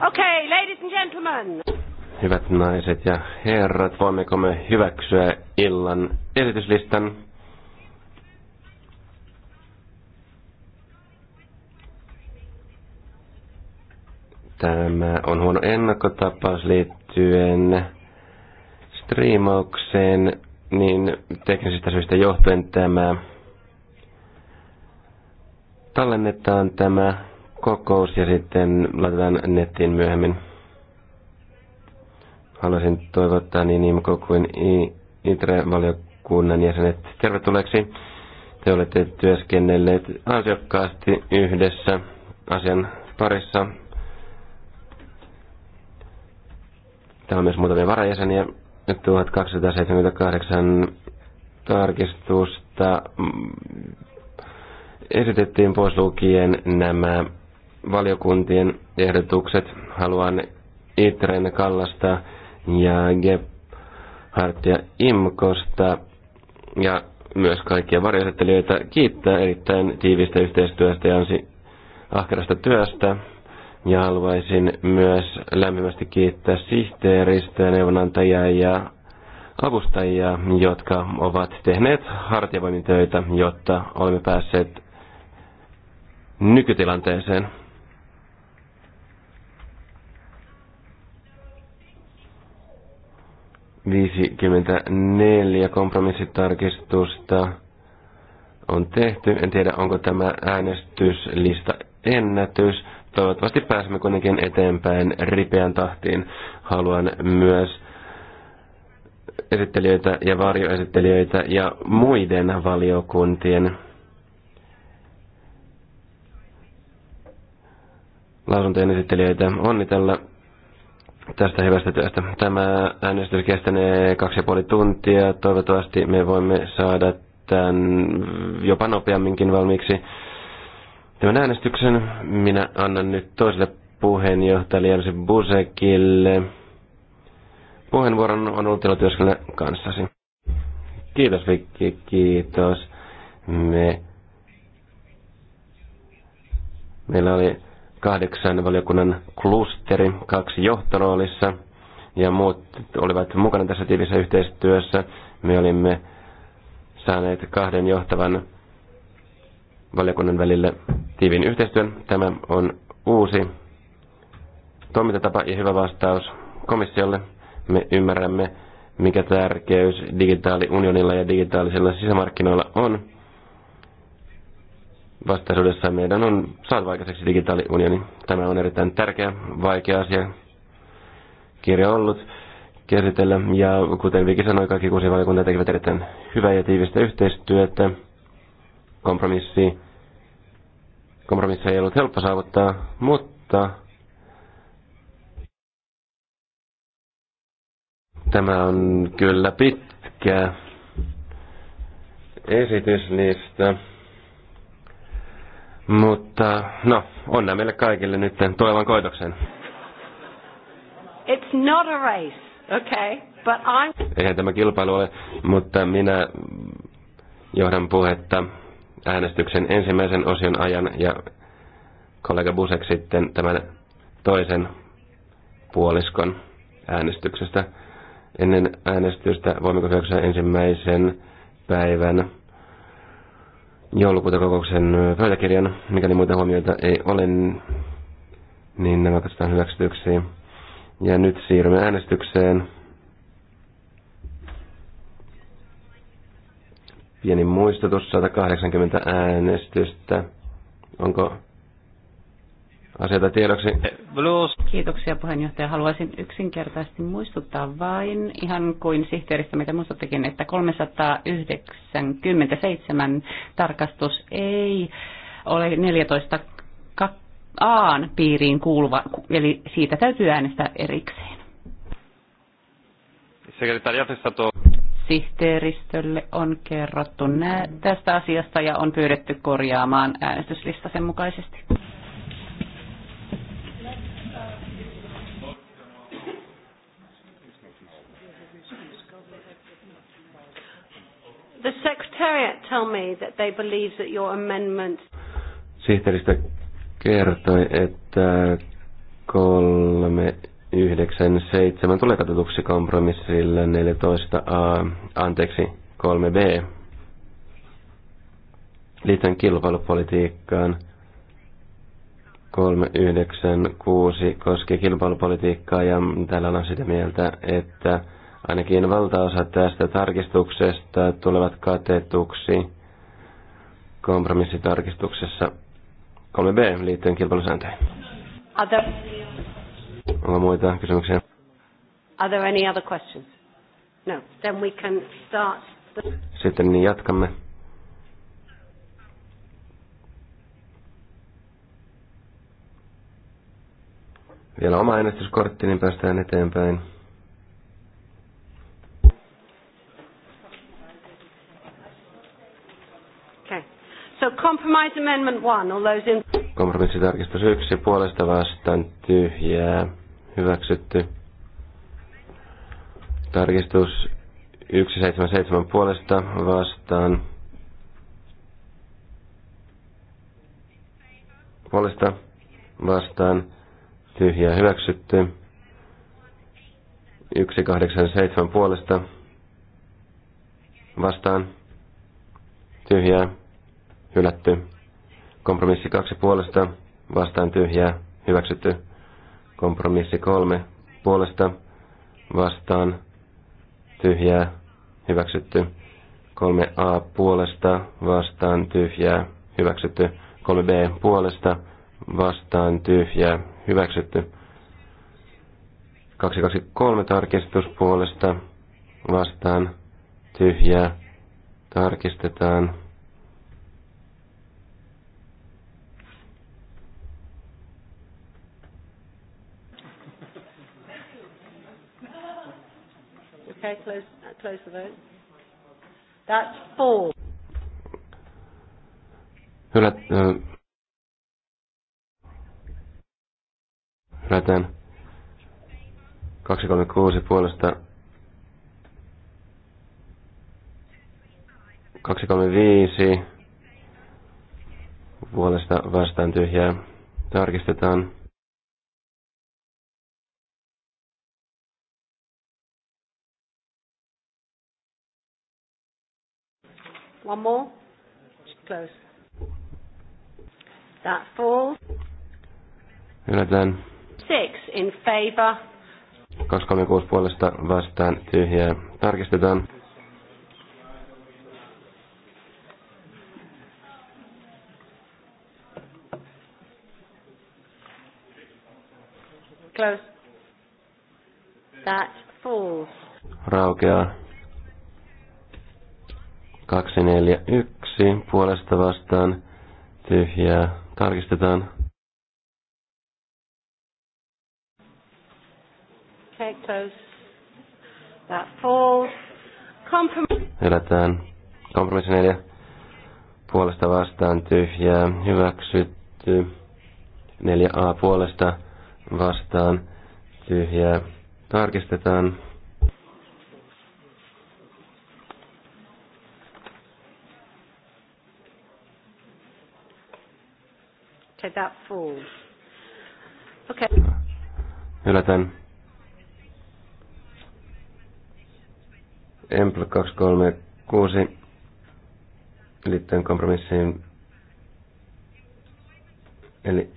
Okay, ladies and gentlemen. Hyvät naiset ja herrat, voimmeko me hyväksyä illan esityslistan? Tämä on huono ennakkotapaus liittyen striimaukseen niin teknisistä syistä johtuen tämä tallennetaan tämä kokous ja sitten laitetaan nettiin myöhemmin. Haluaisin toivottaa niin IMKO kuin ITRE-valiokunnan jäsenet tervetulleeksi. Te olette työskennelleet ansiokkaasti yhdessä asian parissa. Täällä on myös muutamia varajäseniä 1278 tarkistusta esitettiin pois lukien nämä valiokuntien ehdotukset. Haluan Itren Kallasta ja Gebhardt ja Imkosta ja myös kaikkia varjoesittelijöitä kiittää erittäin tiivistä yhteistyöstä ja ansi ahkerasta työstä. Ja haluaisin myös lämpimästi kiittää sihteeristä, neuvonantajia ja avustajia, jotka ovat tehneet hartiavoimin töitä, jotta olemme päässeet nykytilanteeseen. neljä kompromissitarkistusta on tehty. En tiedä, onko tämä äänestyslista ennätys. Toivottavasti pääsemme kuitenkin eteenpäin ripeän tahtiin. Haluan myös esittelijöitä ja varjoesittelijöitä ja muiden valiokuntien lausuntojen esittelijöitä onnitella tästä hyvästä työstä. Tämä äänestys kestänee kaksi ja puoli tuntia. Toivottavasti me voimme saada tämän jopa nopeamminkin valmiiksi tämän äänestyksen. Minä annan nyt toiselle puheenjohtajalle Jelsi Busekille puheenvuoron. On ollut ilo työskennellä kanssasi. Kiitos Vikki, kiitos. Me... Meillä oli kahdeksan valiokunnan klusteri, kaksi johtoroolissa ja muut olivat mukana tässä tiivissä yhteistyössä. Me olimme saaneet kahden johtavan valiokunnan välille tiivin yhteistyön. Tämä on uusi toimintatapa ja hyvä vastaus komissiolle. Me ymmärrämme, mikä tärkeys digitaaliunionilla ja digitaalisilla sisämarkkinoilla on. Vastaisuudessa meidän on saatu aikaiseksi digitaaliunioni. Tämä on erittäin tärkeä, vaikea asia kirja ollut käsitellä. Ja kuten Viki sanoi, kaikki kuusi valiokunta tekevät erittäin hyvää ja tiivistä yhteistyötä kompromissi. Kompromissi ei ollut helppo saavuttaa, mutta tämä on kyllä pitkä esityslista. Mutta no, onnea meille kaikille nyt tulevan koitoksen. It's not a race, okay? But I'm... Eihän tämä kilpailu ole, mutta minä johdan puhetta äänestyksen ensimmäisen osion ajan ja kollega Busek sitten tämän toisen puoliskon äänestyksestä. Ennen äänestystä voimmeko hyväksyä ensimmäisen päivän joulukuuta kokouksen pöytäkirjan. Mikäli muita huomioita ei ole, niin nämä katsotaan hyväksytyksi. Ja nyt siirrymme äänestykseen. Pieni muistutus, 180 äänestystä. Onko asioita tiedoksi. Blues. Kiitoksia puheenjohtaja. Haluaisin yksinkertaisesti muistuttaa vain, ihan kuin sihteeristä mitä muistuttekin, että 397 tarkastus ei ole 14 aan piiriin kuuluva, eli siitä täytyy äänestää erikseen sihteeristölle on kerrottu nä- tästä asiasta ja on pyydetty korjaamaan äänestyslista sen mukaisesti. The secretariat tell me that they believe that your amendment... Sihteeristö kertoi, että kolme 97 tulee katsotuksi kompromissille 14a, anteeksi 3b. Liittyen kilpailupolitiikkaan 396 koskee kilpailupolitiikkaa ja täällä on sitä mieltä, että ainakin valtaosa tästä tarkistuksesta tulevat katetuksi kompromissitarkistuksessa 3b liittyen kilpailusääntöihin. Other Onko muita kysymyksiä? Are there any other questions? No. Then we can start. The... Sitten niin jatkamme. Vielä oma äänestyskortti, niin päästään eteenpäin. Okay. So compromise amendment one, all those in... Kompromissitarkistus 1 puolesta vastaan tyhjää. Hyväksytty. Tarkistus 177 puolesta vastaan. Puolesta vastaan tyhjää hyväksytty. 187 puolesta vastaan tyhjää hylätty. Kompromissi kaksi puolesta, vastaan tyhjää, hyväksytty. Kompromissi kolme puolesta, vastaan tyhjää, hyväksytty. 3a puolesta, vastaan tyhjää, hyväksytty. 3b puolesta, vastaan tyhjää, hyväksytty. 223 tarkistus puolesta, vastaan tyhjää, tarkistetaan. Okay, close, uh, close the vote. That's four. Hylät, äh, hylätään 236 puolesta 235 puolesta vastaan tyhjää tarkistetaan One more. close. That falls. Hylätään. Six in favor. 236 puolesta vastaan tyhjää. Tarkistetaan. Close. That falls. Raukeaa. 241 puolesta vastaan tyhjää. Tarkistetaan. Okay, close. That falls. Comprom- Hylätään. Kompromissi 4 puolesta vastaan tyhjää. Hyväksytty. 4a puolesta vastaan tyhjää. Tarkistetaan. Okay, that falls. Okay. Hylätään. Emple 236 liittyen kompromissiin. Eli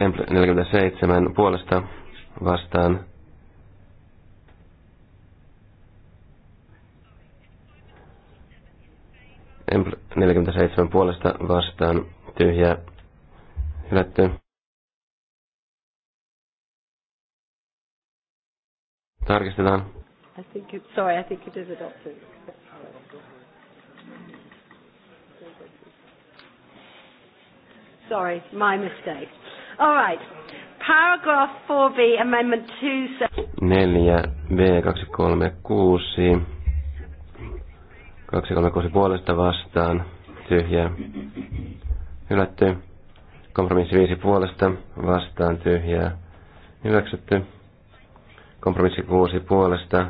Emple 47 puolesta vastaan. Emple 47 puolesta vastaan tyhjää Hylätty. Tarkistetaan. I think it, sorry, I think it is adopted. Sorry, my mistake. All right. Paragraph 4b, amendment 2... 4b236. 236 puolesta vastaan. Tyhjä. Hylätty. Kompromissi 5 puolesta vastaan tyhjää hyväksytty. Kompromissi 6 puolesta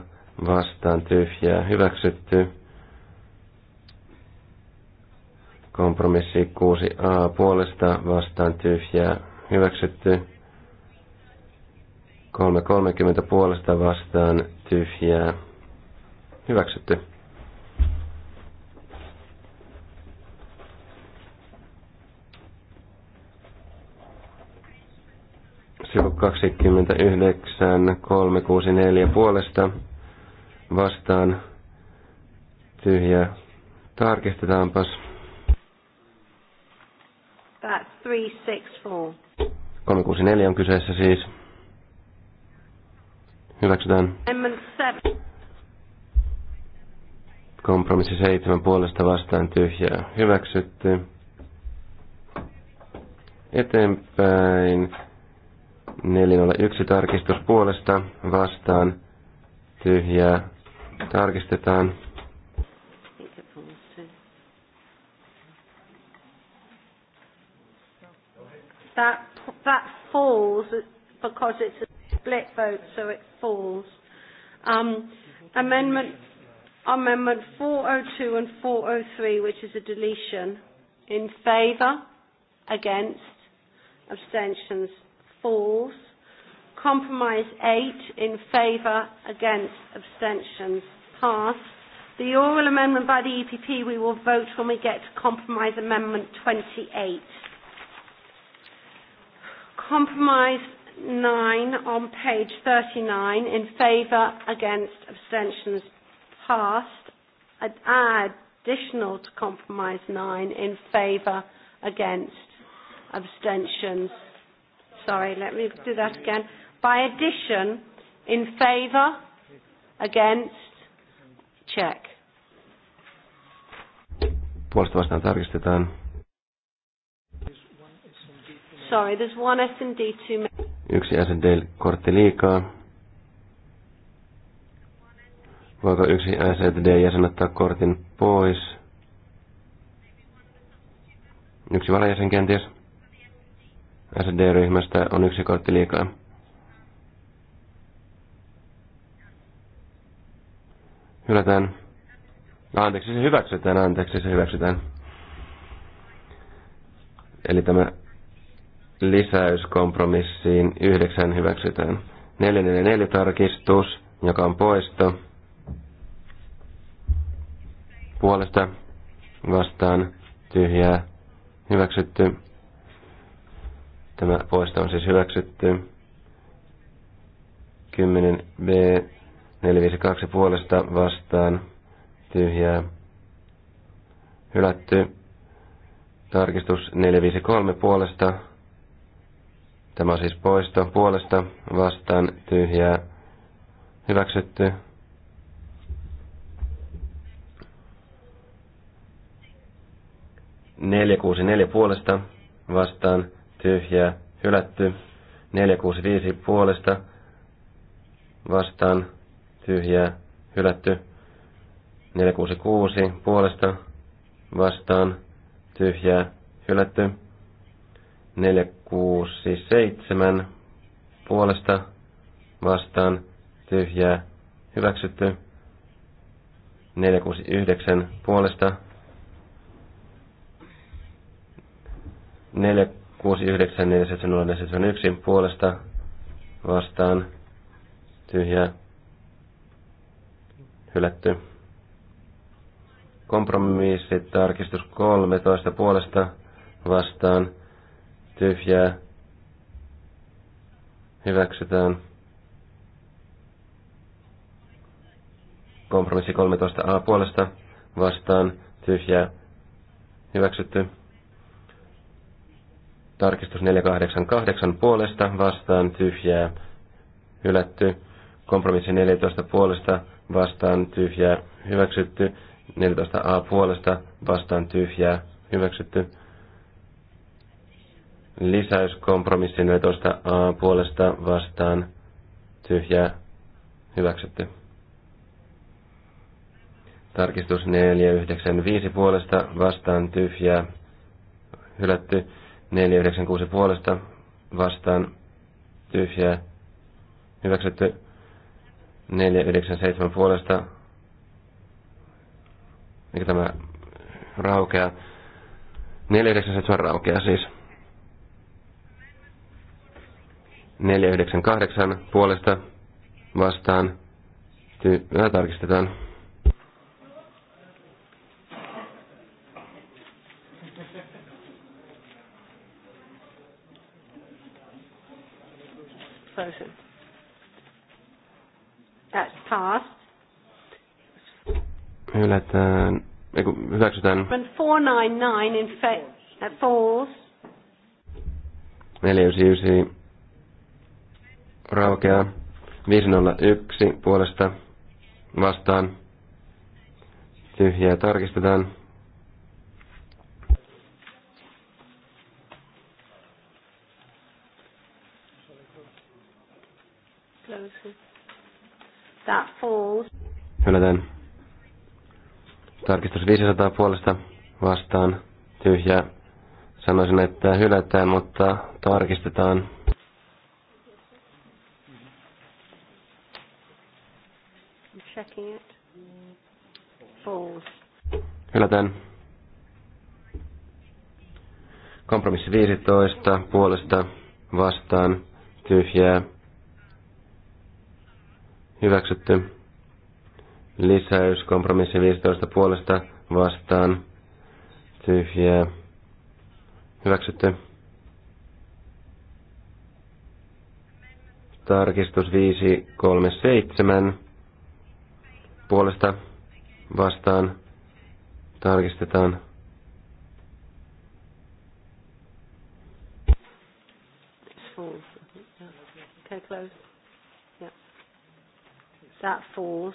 vastaan tyhjää hyväksytty. Kompromissi 6a puolesta vastaan tyhjää hyväksytty. 3.30 puolesta vastaan tyhjää hyväksytty. 2,29, 364 puolesta vastaan tyhjä. Tarkistetaanpas. That's 364. 364 on kyseessä siis. Hyväksytään. Kompromissi 7 puolesta vastaan tyhjää. Hyväksytty. Eteenpäin. 401 tarkistus puolesta vastaan tyhjää tarkistetaan. That, that falls because it's a split vote, so it falls. Um, amendment, amendment 402 and 403, which is a deletion. In favour? Against? Abstentions? falls. Compromise 8 in favour, against, abstentions passed. The oral amendment by the EPP we will vote when we get to Compromise Amendment 28. Compromise 9 on page 39 in favour, against, abstentions passed. add additional to Compromise 9 in favour, against, abstentions sorry, let me do that again. By addition, in favour, against, check. Puolesta vastaan tarkistetaan. Sorry, there's one S&D too many. Yksi S&D-kortti liikaa. Voiko yksi SED-jäsen ottaa kortin pois? Yksi valajäsen kenties. SD-ryhmästä on yksi kortti liikaa. Hylätään. Anteeksi, se hyväksytään, anteeksi, se hyväksytään. Eli tämä lisäys kompromissiin yhdeksän hyväksytään. 444 tarkistus, joka on poisto. Puolesta vastaan tyhjää hyväksytty. Tämä poisto on siis hyväksytty. 10 B 452 puolesta vastaan tyhjää hylätty. Tarkistus 453 puolesta. Tämä on siis poisto puolesta vastaan tyhjää hyväksytty. Neljä kuusi neljä puolesta vastaan tyhjää, hylätty. 465 puolesta vastaan, tyhjää, hylätty. 466 puolesta vastaan, tyhjää, hylätty. 467 puolesta vastaan, tyhjää, hyväksytty. 469 puolesta 4 69471 puolesta vastaan tyhjää hylätty. Kompromissi tarkistus 13 puolesta vastaan tyhjää hyväksytään. Kompromissi 13a puolesta vastaan tyhjää hyväksytty. Tarkistus 488 puolesta vastaan tyhjää hylätty. Kompromissi 14 puolesta vastaan tyhjää hyväksytty. 14a puolesta vastaan tyhjää hyväksytty. Lisäys kompromissi 14a puolesta vastaan tyhjää hyväksytty. Tarkistus 495 puolesta vastaan tyhjää hylätty. 496 puolesta vastaan tyhjää hyväksytty 497 puolesta eikä tämä raukea 497 raukea siis 498 puolesta vastaan ty- äh, tarkistetaan Frozen. That's passed. Hylätään, ei kun hyväksytään. 499 in fa- that falls. 499 raukeaa. 501 puolesta vastaan. Tyhjää tarkistetaan. That falls. Hylätään. Tarkistus 500 puolesta vastaan. Tyhjää. Sanoisin, että hylätään, mutta tarkistetaan. checking it. Falls. Hylätään. Kompromissi 15 puolesta vastaan tyhjää Hyväksytty. Lisäys kompromissi 15 puolesta vastaan. Tyhjää. Hyväksytty. Tarkistus 537 puolesta vastaan. Tarkistetaan. Okay, close. That falls.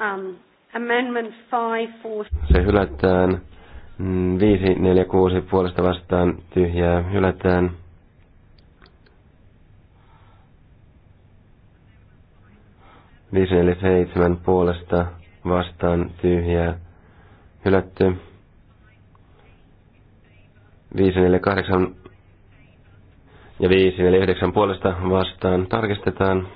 Um, amendment 5, Se hylätään. 5, 4, 6 puolesta vastaan tyhjää hylätään. Viisi, neljä, seitsemän puolesta vastaan tyhjää hylätty. Viisi kahdeksan ja viisi yhdeksän puolesta vastaan tarkistetaan.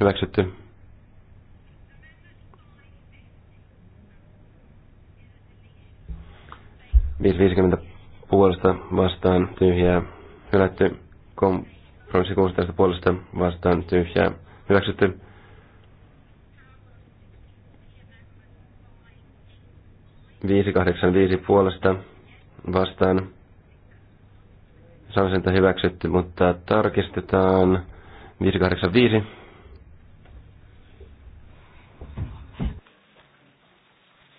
Hyväksytty. Viisi viisikymmentä puolesta vastaan tyhjää. Hylätty. Kompromissi 16 puolesta vastaan tyhjää. Hyväksytty. Viisi kahdeksan viisi puolesta vastaan Sanoisinta hyväksytty, mutta tarkistetaan 585.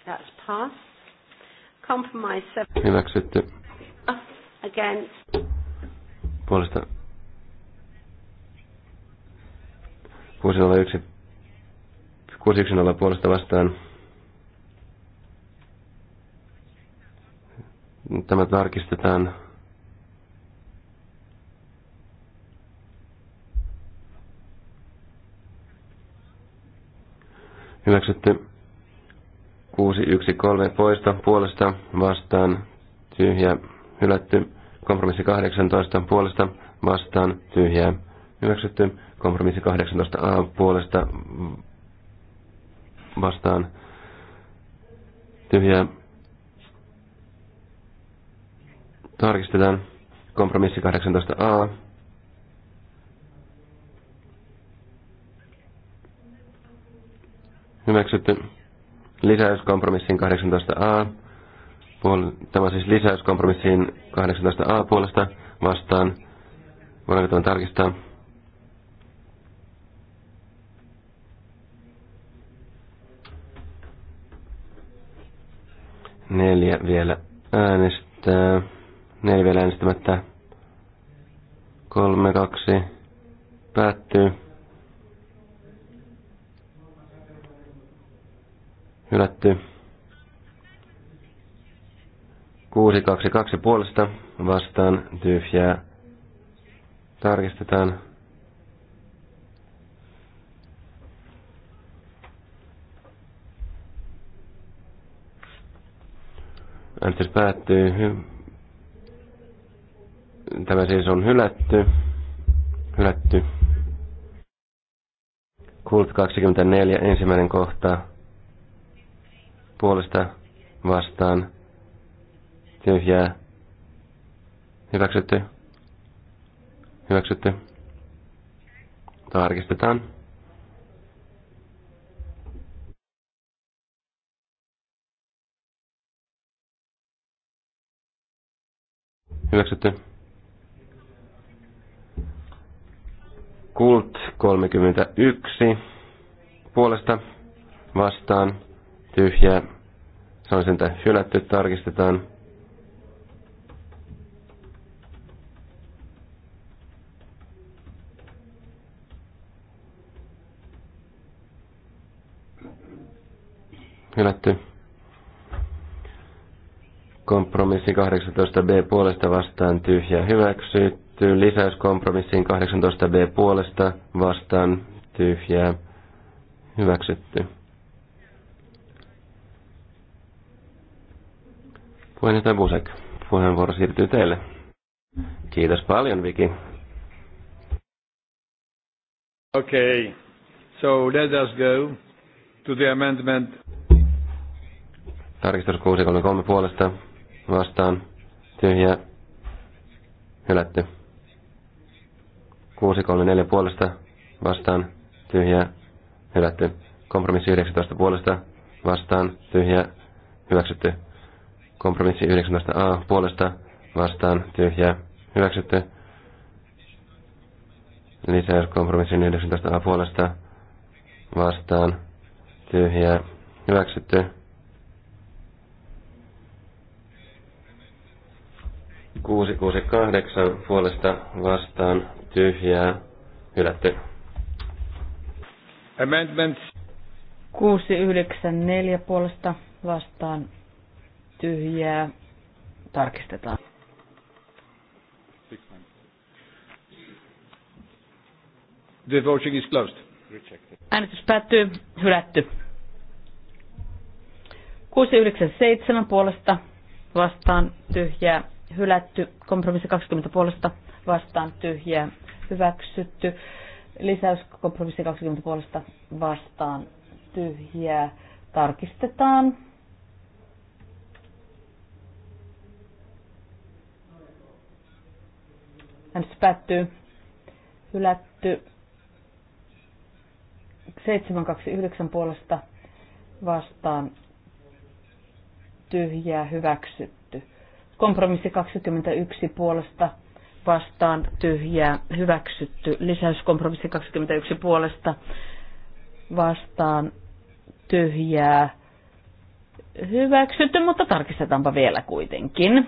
That's passed. Compromise 7. Hyväksytty. Again. Puolesta 601 610 puolesta vastaan. Tämä tarkistetaan. Hyväksytty 613 poisto puolesta vastaan tyhjä hylätty. Kompromissi 18 puolesta vastaan tyhjä. hyväksytty. Kompromissi 18a puolesta vastaan tyhjä. tarkistetaan. Kompromissi 18a Hyväksytty. lisäyskompromissiin 18a. Puol- Tämä siis lisäyskompromissiin 18a puolesta vastaan. Voidaanko tämän tarkistaa? Neljä vielä äänestää. Neljä vielä äänestämättä. Kolme, kaksi. Päättyy. Hylätty. 622 puolesta vastaan tyhjää. Tarkistetaan. Äänestys päättyy. Tämä siis on hylätty. Hylätty. Kult 24, ensimmäinen kohta puolesta vastaan tyhjää hyväksytty hyväksytty tarkistetaan hyväksytty Kult 31 puolesta vastaan tyhjää. Sanoisin, että hylätty tarkistetaan. Hylätty. Kompromissi 18b puolesta vastaan tyhjä hyväksytty. Lisäys kompromissiin 18b puolesta vastaan tyhjää hyväksytty. Puheenjohtaja Busek, puheenvuoro siirtyy teille. Kiitos paljon, Viki. Okay, so let us go to the amendment. Tarkistus 633 puolesta vastaan. Tyhjä. Hylätty. 634 puolesta vastaan. Tyhjä. Hylätty. Kompromissi 19 puolesta vastaan. Tyhjä. Hyväksytty. Kompromissi 19a puolesta vastaan tyhjää hyväksytty. Lisäys kompromissi 19a puolesta vastaan tyhjää hyväksytty. Kuusi kuusi kahdeksan puolesta vastaan tyhjää hylätty. Amendments. neljä puolesta vastaan tyhjää, tarkistetaan. The voting is closed. Rejected. Äänestys päättyy, hylätty. 697 puolesta vastaan tyhjää, hylätty. Kompromissi 20 puolesta vastaan tyhjää, hyväksytty. Lisäys kompromissi 20 puolesta vastaan tyhjää. Tarkistetaan. Hän spätty, Hylätty. 729 puolesta vastaan tyhjää hyväksytty. Kompromissi 21 puolesta vastaan tyhjää hyväksytty. Lisäyskompromissi 21 puolesta vastaan tyhjää hyväksytty, mutta tarkistetaanpa vielä kuitenkin.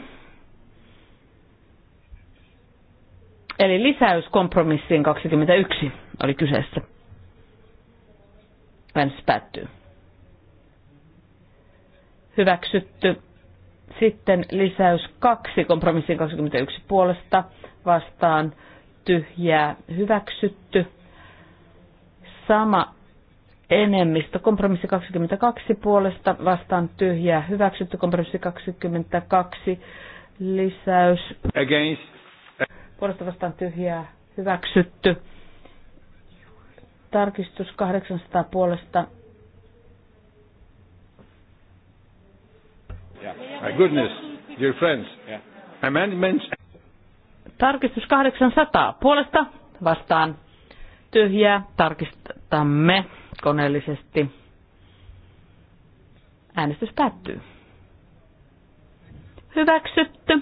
Eli lisäys kompromissiin 21 oli kyseessä. Äänestys päättyy. Hyväksytty. Sitten lisäys 2 kompromissiin 21 puolesta vastaan tyhjää hyväksytty. Sama enemmistö. Kompromissi 22 puolesta vastaan tyhjää hyväksytty. Kompromissi 22 lisäys. Against puolesta vastaan tyhjää hyväksytty. Tarkistus 800 puolesta. Yeah. My goodness, dear friends. Yeah. Amendments. Tarkistus 800 puolesta vastaan tyhjää. Tarkistamme koneellisesti. Äänestys päättyy. Hyväksytty.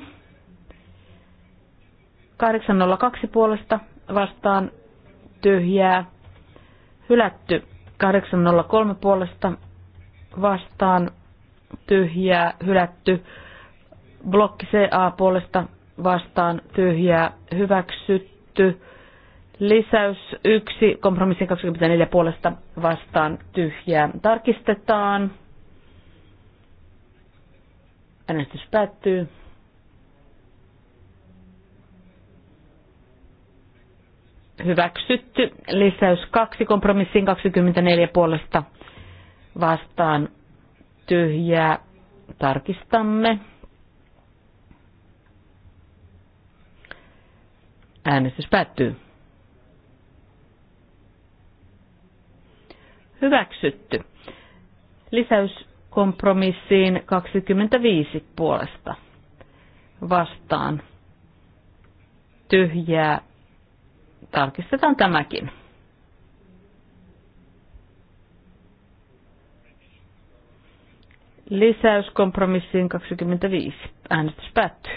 802 puolesta vastaan tyhjää. Hylätty 803 puolesta vastaan tyhjää. Hylätty blokki CA puolesta vastaan tyhjää. Hyväksytty lisäys 1 kompromissin 24 puolesta vastaan tyhjää. Tarkistetaan. Äänestys päättyy. hyväksytty. Lisäys 2 kompromissiin 24 puolesta vastaan tyhjää. Tarkistamme. Äänestys päättyy. Hyväksytty. Lisäys kompromissiin 25 puolesta vastaan tyhjää tarkistetaan tämäkin. Lisäys kompromissiin 25. Äänestys päättyy.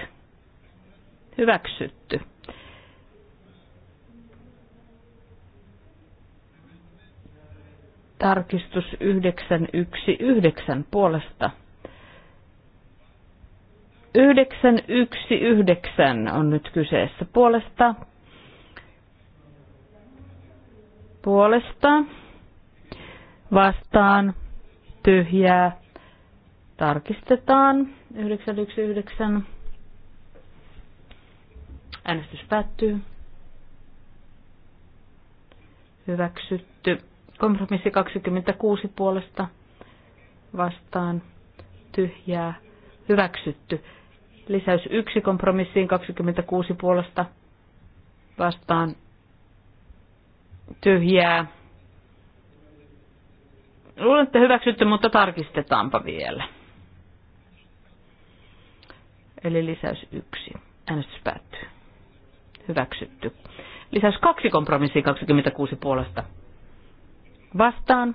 Hyväksytty. Tarkistus 919 puolesta. 919 on nyt kyseessä puolesta puolesta vastaan tyhjää tarkistetaan 919. Äänestys päättyy. Hyväksytty. Kompromissi 26 puolesta vastaan tyhjää hyväksytty. Lisäys 1 kompromissiin 26 puolesta vastaan tyhjää. Luulen, että hyväksytty, mutta tarkistetaanpa vielä. Eli lisäys yksi. Äänestys päättyy. Hyväksytty. Lisäys kaksi kompromissia 26 puolesta. Vastaan.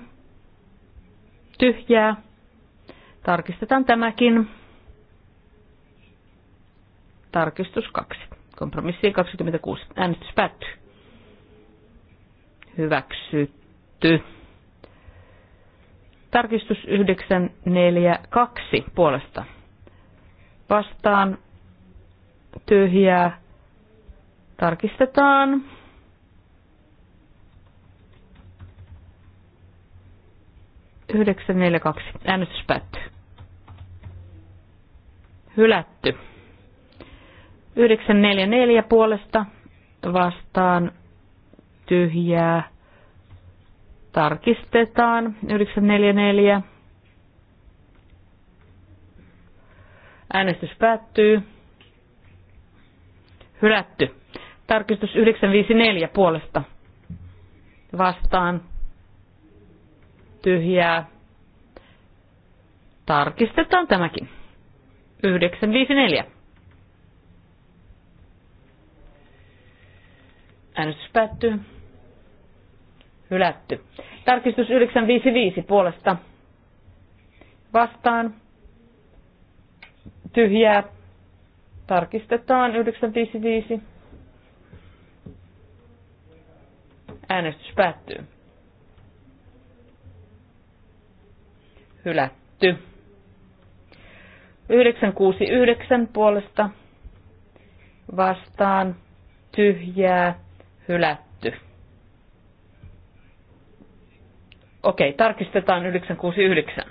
Tyhjää. Tarkistetaan tämäkin. Tarkistus 2. Kompromissiin 26. Äänestys päättyy hyväksytty. Tarkistus 942 puolesta. Vastaan tyhjää. Tarkistetaan. Yhdeksän, neljä, kaksi. Äänestys päättyy. Hylätty. neljä puolesta vastaan tyhjää. Tarkistetaan 944. Äänestys päättyy. Hylätty. Tarkistus 954 puolesta. Vastaan. Tyhjää. Tarkistetaan tämäkin. 954. Äänestys päättyy hylätty. Tarkistus 955 puolesta vastaan tyhjää. Tarkistetaan 955. Äänestys päättyy. Hylätty. 969 puolesta vastaan tyhjää hylätty. Okei, tarkistetaan 969.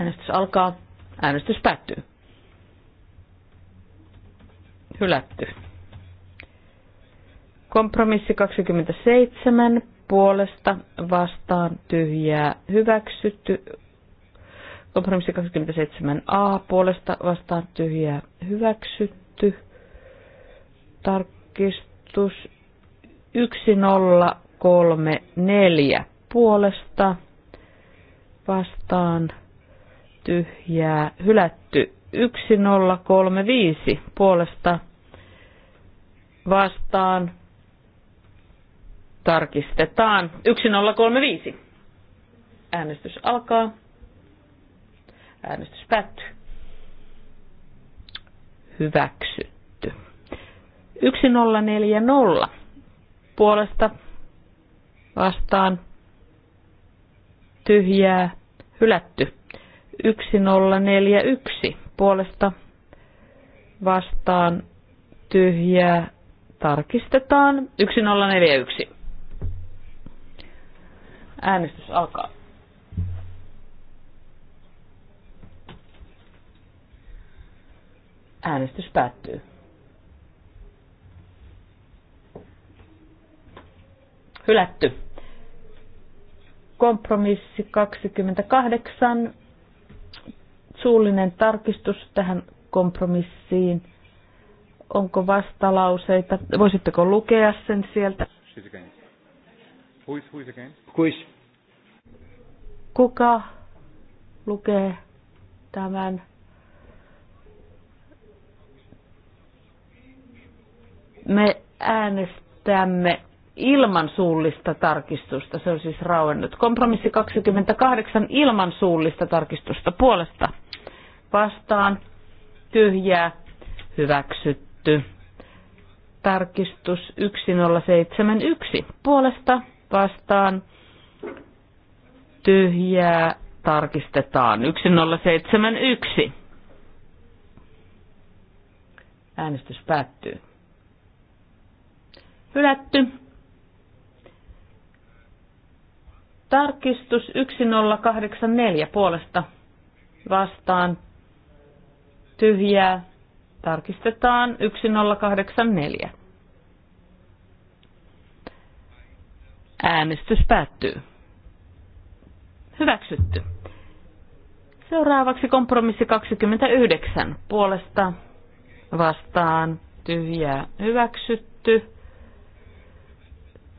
Äänestys alkaa. Äänestys päättyy. Hylätty. Kompromissi 27 puolesta vastaan tyhjää hyväksytty. Kompromissi 27a puolesta vastaan tyhjää hyväksytty. Tarkistus 1034 puolesta vastaan tyhjää hylätty 1035 puolesta vastaan tarkistetaan 1035. Äänestys alkaa. Äänestys päättyy. Hyväksytty. 1040 puolesta vastaan tyhjää, hylätty. 1041 puolesta vastaan tyhjää, tarkistetaan. 1041. Äänestys alkaa. Äänestys päättyy. Hylätty. Kompromissi 28, suullinen tarkistus tähän kompromissiin. Onko vastalauseita? Voisitteko lukea sen sieltä? Kuka lukee tämän? Me äänestämme ilman suullista tarkistusta. Se on siis rauennut. Kompromissi 28 ilman suullista tarkistusta puolesta. Vastaan. Tyhjää. Hyväksytty. Tarkistus 1071 puolesta. Vastaan. Tyhjää. Tarkistetaan. 1071. Äänestys päättyy. Hylätty. Tarkistus 1084 puolesta vastaan tyhjää. Tarkistetaan 1084. Äänestys päättyy. Hyväksytty. Seuraavaksi kompromissi 29. Puolesta vastaan tyhjää hyväksytty.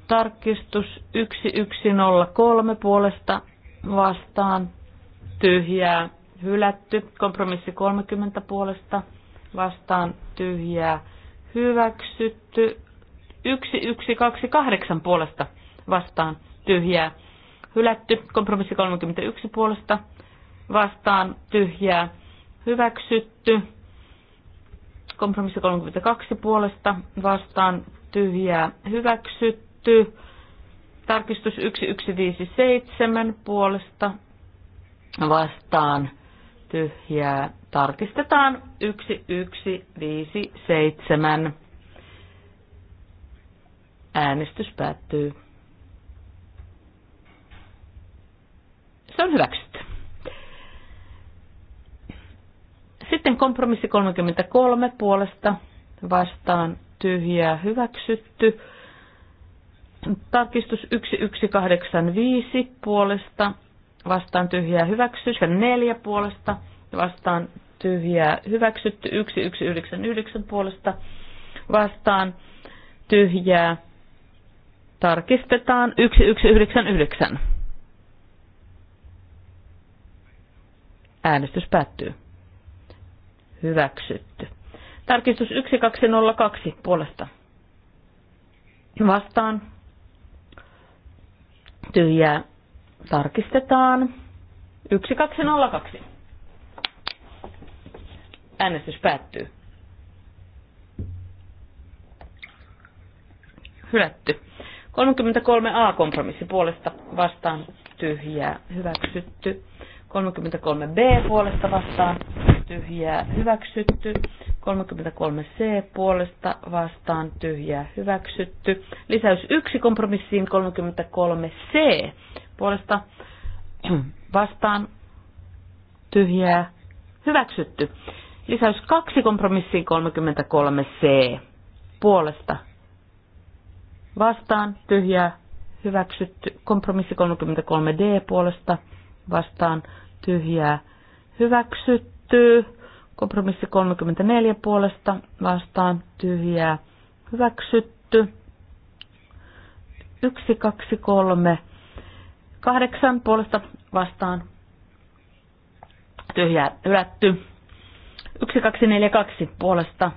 Tarkistus 1103 puolesta vastaan tyhjää hylätty. Kompromissi 30 puolesta vastaan tyhjää hyväksytty. 1128 puolesta vastaan tyhjää hylätty. Kompromissi 31 puolesta vastaan tyhjää hyväksytty. Kompromissi 32 puolesta vastaan tyhjää hyväksytty hylätty. Tarkistus 1157 puolesta vastaan tyhjää. Tarkistetaan 1157. Äänestys päättyy. Se on hyväksytty. Sitten kompromissi 33 puolesta vastaan tyhjää hyväksytty. Tarkistus 1185 puolesta vastaan tyhjää hyväksytty, 4 puolesta vastaan tyhjää hyväksytty, 1199 puolesta vastaan tyhjää tarkistetaan 1199. Äänestys päättyy. Hyväksytty. Tarkistus 1202 puolesta. Vastaan tyhjää tarkistetaan. 1202. Äänestys päättyy. Hylätty. 33a kompromissi puolesta vastaan tyhjää hyväksytty. 33b puolesta vastaan tyhjää hyväksytty. 33c puolesta vastaan tyhjää hyväksytty. Lisäys 1 kompromissiin 33c puolesta vastaan tyhjää hyväksytty. Lisäys 2 kompromissiin 33c puolesta vastaan tyhjää hyväksytty. Kompromissi 33d puolesta vastaan tyhjää hyväksytty hyväksytty. Kompromissi 34 puolesta vastaan tyhjää hyväksytty. 1, 2, 3, 8 puolesta vastaan tyhjää hylätty. 1, 2, 4, 2 puolesta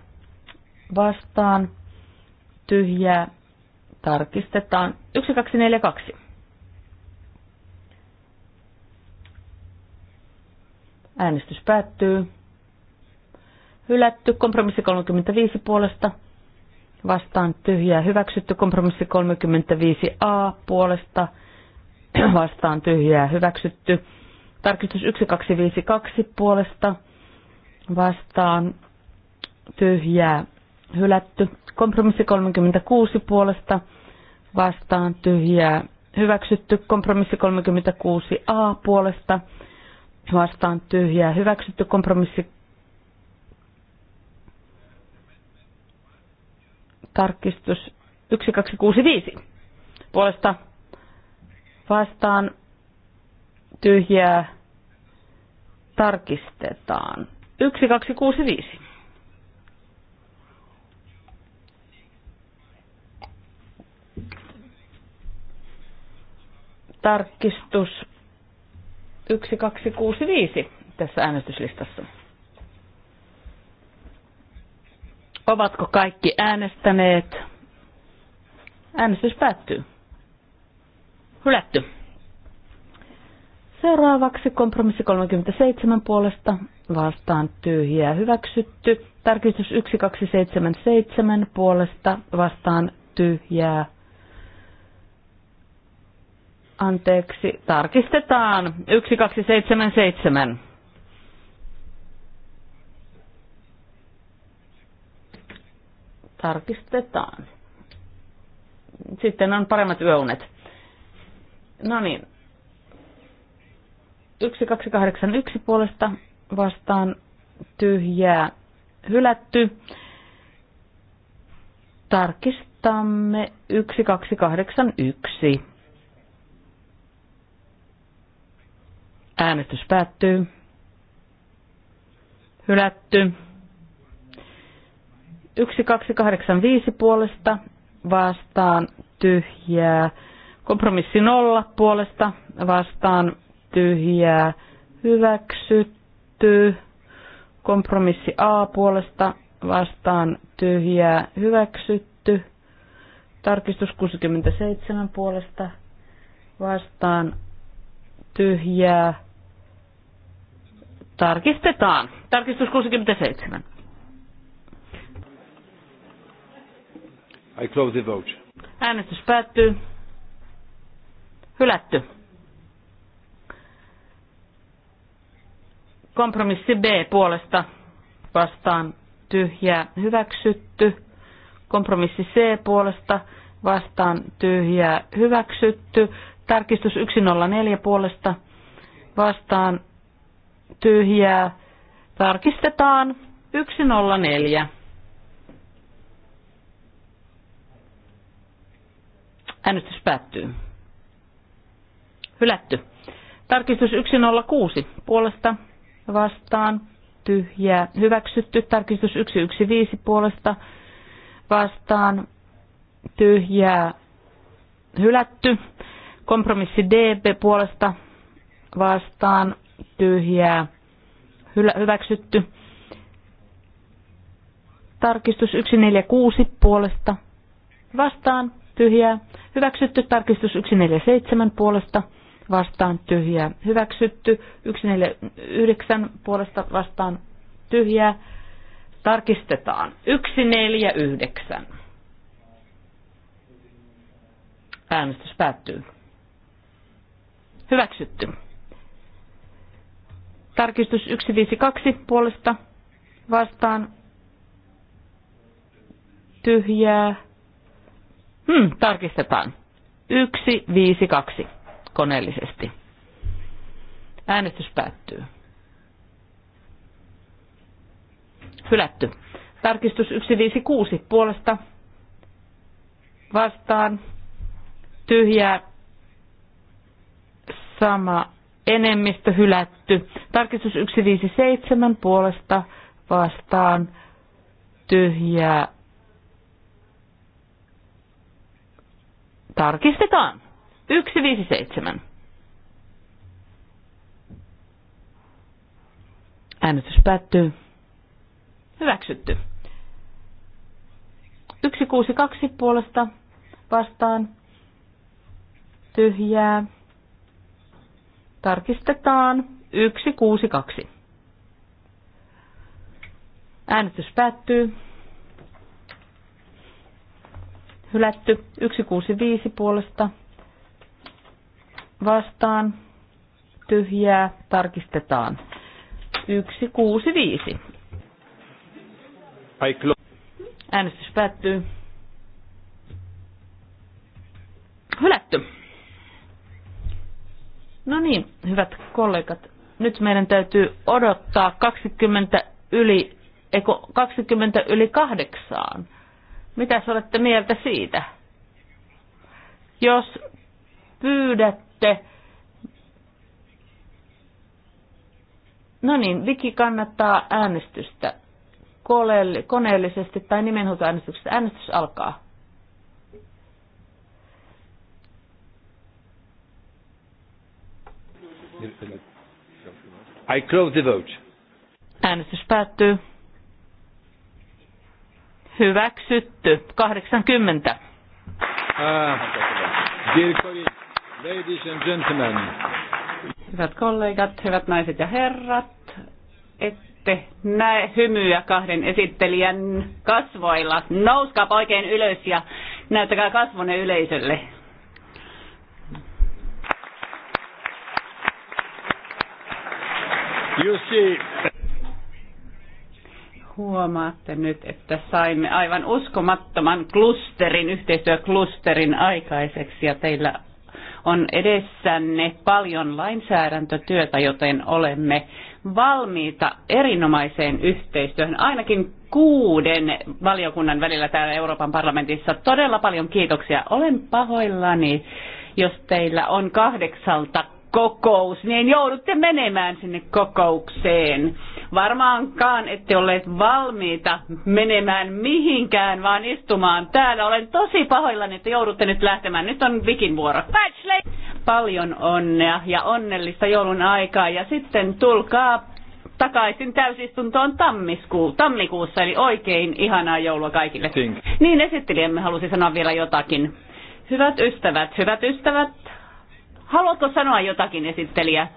vastaan tyhjää tarkistetaan. 1, 2, 4, 2. Äänestys päättyy. Hylätty kompromissi 35 puolesta. Vastaan tyhjää hyväksytty kompromissi 35a puolesta. Vastaan tyhjää hyväksytty. Tarkistus 1252 puolesta. Vastaan tyhjää hylätty. Kompromissi 36 puolesta. Vastaan tyhjää hyväksytty. Kompromissi 36a puolesta vastaan tyhjää hyväksytty kompromissi. Tarkistus 1265 puolesta vastaan tyhjää tarkistetaan. 1265. Tarkistus 1265 tässä äänestyslistassa. Ovatko kaikki äänestäneet? Äänestys päättyy. Hylätty. Seuraavaksi kompromissi 37 puolesta vastaan tyhjää hyväksytty. Tarkistus 1277 puolesta vastaan tyhjää Anteeksi, tarkistetaan. 1277. Tarkistetaan. Sitten on paremmat yöunet. No niin. 1281 puolesta vastaan tyhjää hylätty. Tarkistamme 1281. Äänestys päättyy. Hylätty. 1285 puolesta vastaan tyhjää. Kompromissi nolla puolesta vastaan tyhjää. Hyväksytty. Kompromissi A puolesta vastaan tyhjää. Hyväksytty. Tarkistus 67 puolesta vastaan tyhjää Tarkistetaan. Tarkistus 67. I close the vote. Äänestys päättyy. Hylätty. Kompromissi B puolesta vastaan tyhjä hyväksytty. Kompromissi C puolesta vastaan tyhjä hyväksytty. Tarkistus 104 puolesta vastaan tyhjää. Tarkistetaan 104. Äänestys päättyy. Hylätty. Tarkistus 106. Puolesta vastaan tyhjää. Hyväksytty. Tarkistus 115 puolesta vastaan tyhjää. Hylätty. Kompromissi DB puolesta vastaan tyhjää hyväksytty. Tarkistus 146 puolesta vastaan tyhjää hyväksytty. Tarkistus 147 puolesta vastaan tyhjää hyväksytty. 149 puolesta vastaan tyhjää tarkistetaan. 149. Äänestys päättyy. Hyväksytty. Tarkistus 152 puolesta vastaan tyhjää. Hmm, tarkistetaan. 152 koneellisesti. Äänestys päättyy. Hylätty. Tarkistus 156 puolesta vastaan tyhjää sama enemmistö hylätty. Tarkistus 157 puolesta vastaan tyhjää. Tarkistetaan. 157. Äänestys päättyy. Hyväksytty. 162 puolesta vastaan tyhjää. Tarkistetaan 162. Äänestys päättyy. Hylätty 165 puolesta. Vastaan. Tyhjää. Tarkistetaan. 165. Äänestys päättyy. Hylätty. No niin, hyvät kollegat. Nyt meidän täytyy odottaa 20 yli, eiku, 20 yli kahdeksaan. Mitä olette mieltä siitä? Jos pyydätte... No niin, Viki kannattaa äänestystä koneellisesti tai nimenhuutoäänestyksestä. Äänestys alkaa. I close the vote. Äänestys päättyy. Hyväksytty. 80. Ah, ladies and gentlemen. Hyvät kollegat, hyvät naiset ja herrat, ette näe hymyä kahden esittelijän kasvoilla. Nouskaa oikein ylös ja näyttäkää kasvonne yleisölle. You see. Huomaatte nyt, että saimme aivan uskomattoman klusterin, yhteistyöklusterin aikaiseksi ja teillä on edessänne paljon lainsäädäntötyötä, joten olemme valmiita erinomaiseen yhteistyöhön, ainakin kuuden valiokunnan välillä täällä Euroopan parlamentissa. Todella paljon kiitoksia. Olen pahoillani, jos teillä on kahdeksalta kokous, niin joudutte menemään sinne kokoukseen. Varmaankaan ette olleet valmiita menemään mihinkään, vaan istumaan täällä. Olen tosi pahoillani, että joudutte nyt lähtemään. Nyt on Vikin vuoro. Paljon onnea ja onnellista joulun aikaa. Ja sitten tulkaa takaisin täysistuntoon tammiskuu, tammikuussa, eli oikein ihanaa joulua kaikille. Think. Niin esittelijämme halusi sanoa vielä jotakin. Hyvät ystävät, hyvät ystävät, Haluatko sanoa jotakin esittelijä?